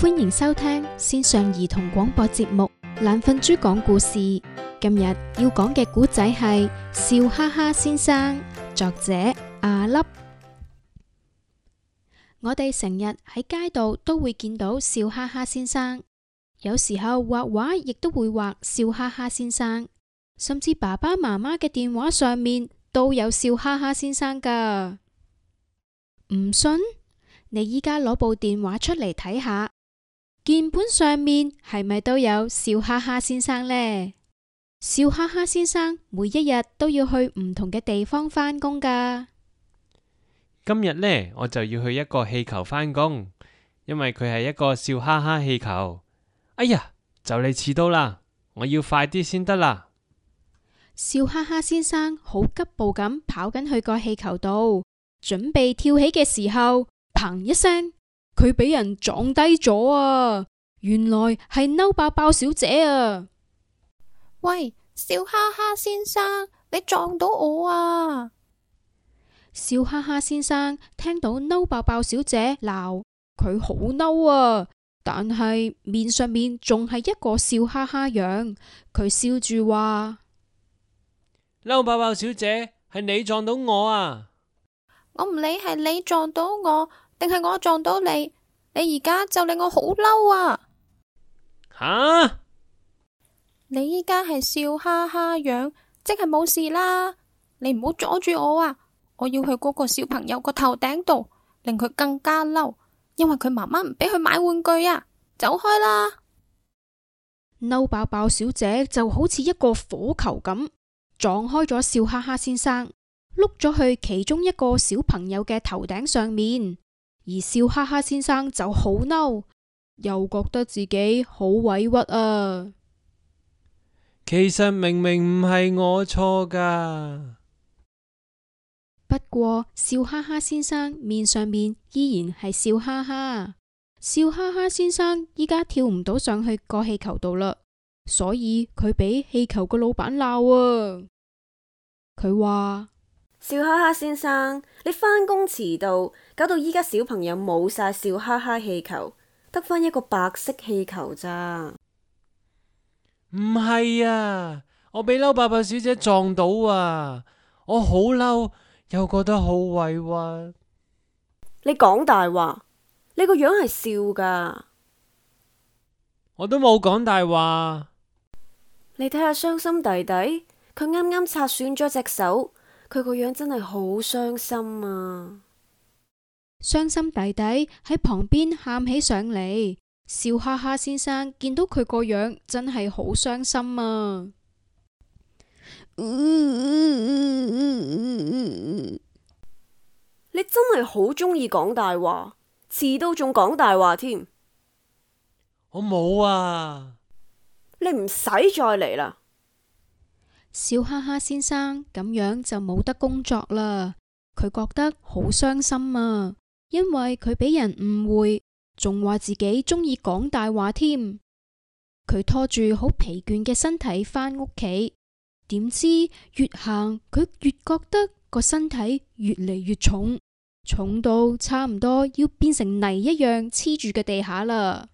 歡迎收聽線上兒童廣播節目《懶瞓豬講故事》。今日要講嘅故仔係《笑哈哈先生》，作者阿粒。我哋成日喺街度都會見到笑哈哈先生，有時候畫畫亦都會畫笑哈哈先生，甚至爸爸媽媽嘅電話上面都有笑哈哈先生㗎。唔信？你依家攞部電話出嚟睇下。鍵盤上面係咪都有笑哈哈先生呢？笑哈哈先生每一日都要去唔同嘅地方返工噶。今日呢，我就要去一個氣球返工，因為佢係一個笑哈哈氣球。哎呀，就嚟遲到啦！我要快啲先得啦。笑哈哈先生好急步咁跑緊去個氣球度，準備跳起嘅時候，砰一聲。佢俾人撞低咗啊！原來係嬲爆爆小姐啊！喂，笑哈哈先生，你撞到我啊！笑哈哈先生聽到嬲爆爆小姐鬧，佢好嬲啊，但係面上面仲係一個笑哈哈樣。佢笑住話：嬲爆爆小姐，係你撞到我啊！我唔理，係你撞到我。定係我撞到你，你而家就令我好嬲啊！吓哈，你依家係笑哈哈樣，即係冇事啦。你唔好阻住我啊！我要去嗰個小朋友個頭頂度，令佢更加嬲，因為佢媽媽唔俾佢買玩具啊！走開啦！嬲爆爆小姐就好似一個火球咁，撞開咗笑哈哈先生，碌咗去其中一個小朋友嘅頭頂上面。而笑哈哈先生就好嬲，又覺得自己好委屈啊。其實明明唔係我錯㗎，不過笑哈哈先生面上面依然係笑哈哈。笑哈哈先生依家跳唔到上去個氣球度嘞，所以佢俾氣球個老闆鬧啊。佢話。笑哈哈先生，你翻工遲到，搞到依家小朋友冇晒笑哈哈氣球，得翻一個白色氣球咋？唔係啊，我俾嬲爆爆小姐撞到啊，我好嬲又覺得好委屈。你講大話，你個樣係笑噶？我都冇講大話。你睇下傷心弟弟，佢啱啱擦損咗隻手。佢個樣真係好傷心啊！傷心弟弟喺旁邊喊起上嚟，笑哈哈先生見到佢個樣真係好傷心啊！你真係好中意講大話，遲到都仲講大話添。我冇啊！你唔使再嚟啦！笑哈哈先生咁樣就冇得工作啦，佢覺得好傷心啊，因為佢俾人誤會，仲話自己中意講大話添。佢拖住好疲倦嘅身體返屋企，點知越行佢越覺得個身體越嚟越重，重到差唔多要變成泥一樣黐住嘅地下啦！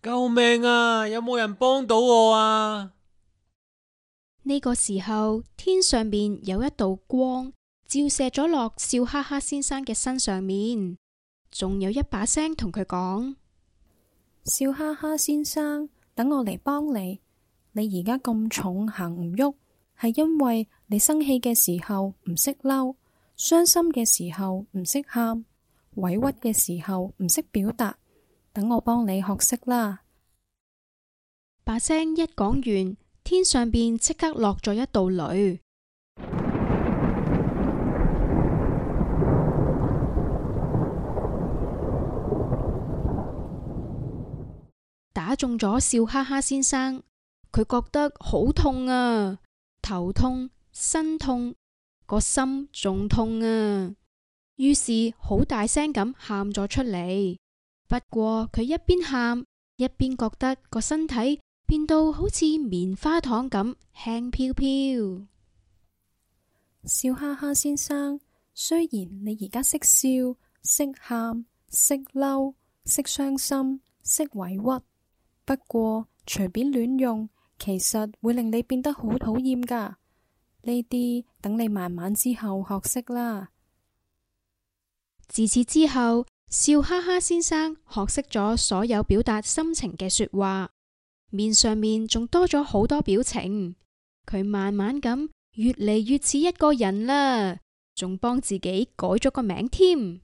救命啊！有冇人幫到我啊？呢個時候，天上面有一道光照射咗落笑哈哈先生嘅身上面，仲有一把聲同佢講：笑哈哈先生，等我嚟幫你。你而家咁重行唔喐，係因為你生氣嘅時候唔識嬲，傷心嘅時候唔識喊，委屈嘅時候唔識表達。等我幫你學識啦。把聲一講完。天上邊即刻落咗一道雷，打中咗笑哈哈先生，佢覺得好痛啊，頭痛、身痛，個心仲痛啊，於是好大聲咁喊咗出嚟。不過佢一邊喊，一邊覺得個身體。變到好似棉花糖咁輕飄飄。笑哈哈先生，雖然你而家識笑、識喊、識嬲、識傷心、識委屈，不過隨便亂用，其實會令你變得好討厭噶。呢啲等你慢慢之後學識啦。自此之後，笑哈哈先生學識咗所有表達心情嘅說話。面上面仲多咗好多表情，佢慢慢咁越嚟越似一個人啦，仲幫自己改咗個名添。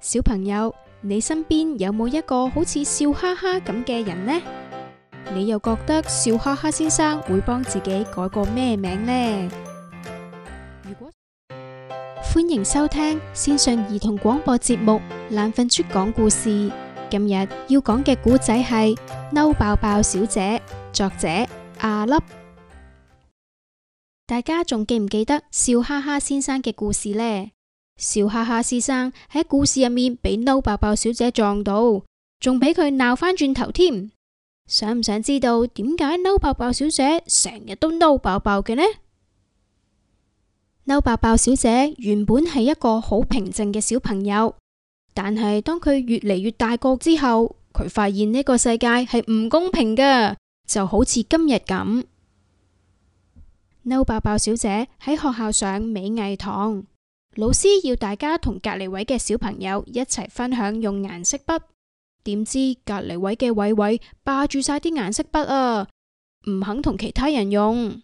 小朋友，你身邊有冇一個好似笑哈哈咁嘅人呢？你又覺得笑哈哈先生會幫自己改個咩名呢？如果。歡迎收聽線上兒童廣播節目《懶瞓豬講故事》。今日要講嘅故仔係嬲爆爆小姐，作者阿粒。大家仲記唔記得笑哈哈先生嘅故事呢？笑哈哈先生喺故事入面俾嬲爆爆小姐撞到，仲俾佢鬧返轉頭添。想唔想知道點解嬲爆爆小姐成日都嬲爆爆嘅呢？嬲爆爆小姐原本係一個好平靜嘅小朋友。但係，當佢越嚟越大個之後，佢發現呢個世界係唔公平㗎，就好似今日咁。嬲爆爆小姐喺學校上美藝堂，老師要大家同隔籬位嘅小朋友一齊分享用顏色筆，點知隔籬位嘅偉偉霸住晒啲顏色筆啊，唔肯同其他人用。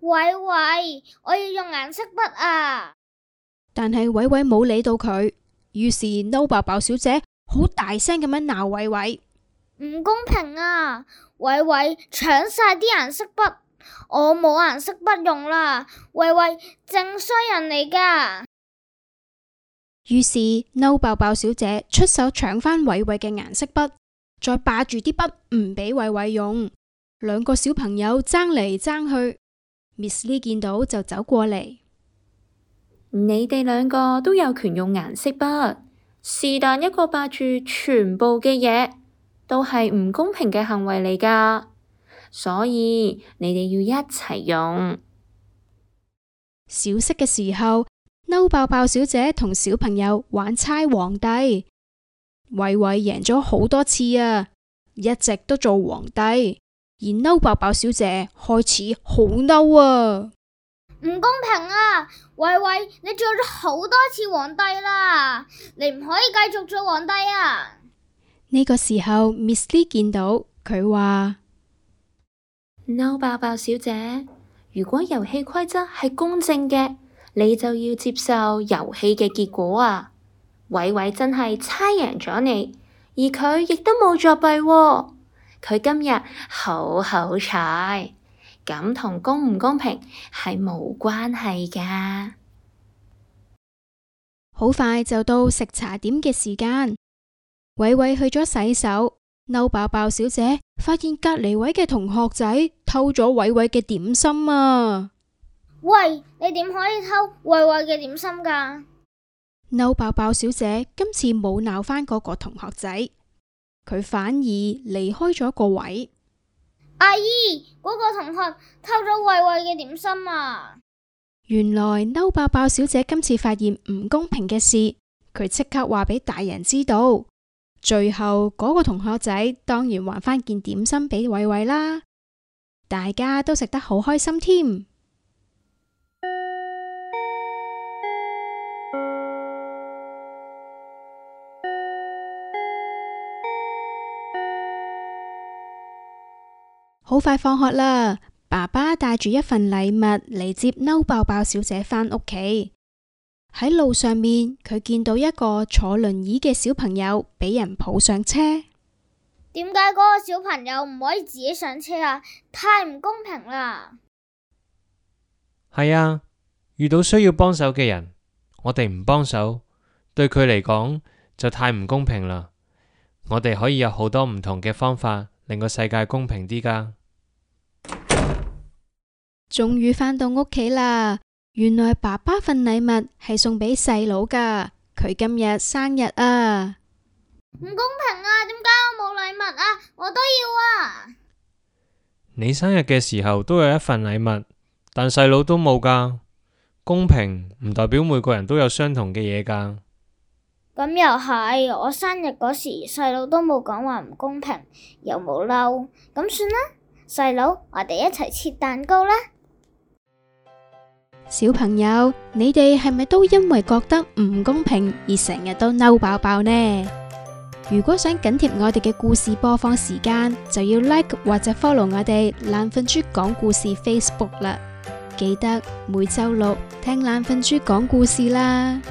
偉偉，我要用顏色筆啊！但係偉偉冇理到佢。於是，n No 嬲爆爆小姐好大聲咁樣鬧偉偉，唔公平啊！偉偉搶晒啲顏色筆，我冇顏色筆用啦！偉偉正衰人嚟噶。於是，n No 嬲爆爆小姐出手搶翻偉偉嘅顏色筆，再霸住啲筆唔畀偉偉用。兩個小朋友爭嚟爭去，Miss Lee 見到就走過嚟。你哋兩個都有權用顏色筆，是但一個霸住全部嘅嘢，都係唔公平嘅行為嚟㗎，所以你哋要一齊用。小息嘅時候，嬲爆爆小姐同小朋友玩猜皇帝，偉偉贏咗好多次啊，一直都做皇帝，而嬲爆爆小姐開始好嬲啊。唔公平啊！偉偉，你做咗好多次皇帝啦，你唔可以繼續做皇帝啊！呢個時候，Miss Lee 見到，佢話：No，爆爆小姐，如果遊戲規則係公正嘅，你就要接受遊戲嘅結果啊！偉偉真係猜贏咗你，而佢亦都冇作弊喎，佢今日好好彩。咁同公唔公平係冇關係噶。好快就到食茶點嘅時間，偉偉去咗洗手，嬲爆爆小姐發現隔籬位嘅同學仔偷咗偉偉嘅點心啊！喂，你點可以偷偉偉嘅點心噶？嬲爆爆小姐今次冇鬧返嗰個同學仔，佢反而離開咗個位。阿姨，嗰個同學偷咗慧慧嘅點心啊！原來嬲爆爆小姐今次發現唔公平嘅事，佢即刻話俾大人知道。最後嗰個同學仔當然還返件點心俾慧慧啦，大家都食得好開心添。好快放學啦！爸爸帶住一份禮物嚟接嬲爆爆小姐返屋企。喺路上面，佢見到一個坐輪椅嘅小朋友俾人抱上車。點解嗰個小朋友唔可以自己上車啊？太唔公平啦！係啊，遇到需要幫手嘅人，我哋唔幫手，對佢嚟講就太唔公平啦。我哋可以有好多唔同嘅方法令個世界公平啲噶。終於返到屋企啦！原來爸爸份禮物係送俾細佬噶，佢今日生日啊，唔公平啊！點解我冇禮物啊？我都要啊！你生日嘅時候都有一份禮物，但細佬都冇噶，公平唔代表每個人都有相同嘅嘢噶。咁又係，我生日嗰時細佬都冇講話唔公平，又冇嬲，咁算啦。細佬，我哋一齊切蛋糕啦！小朋友，你哋係咪都因為覺得唔公平而成日都嬲爆爆呢？如果想緊貼我哋嘅故事播放時間，就要 like 或者 follow 我哋懶瞓豬講故事 Facebook 啦！記得每周六聽懶瞓豬講故事啦。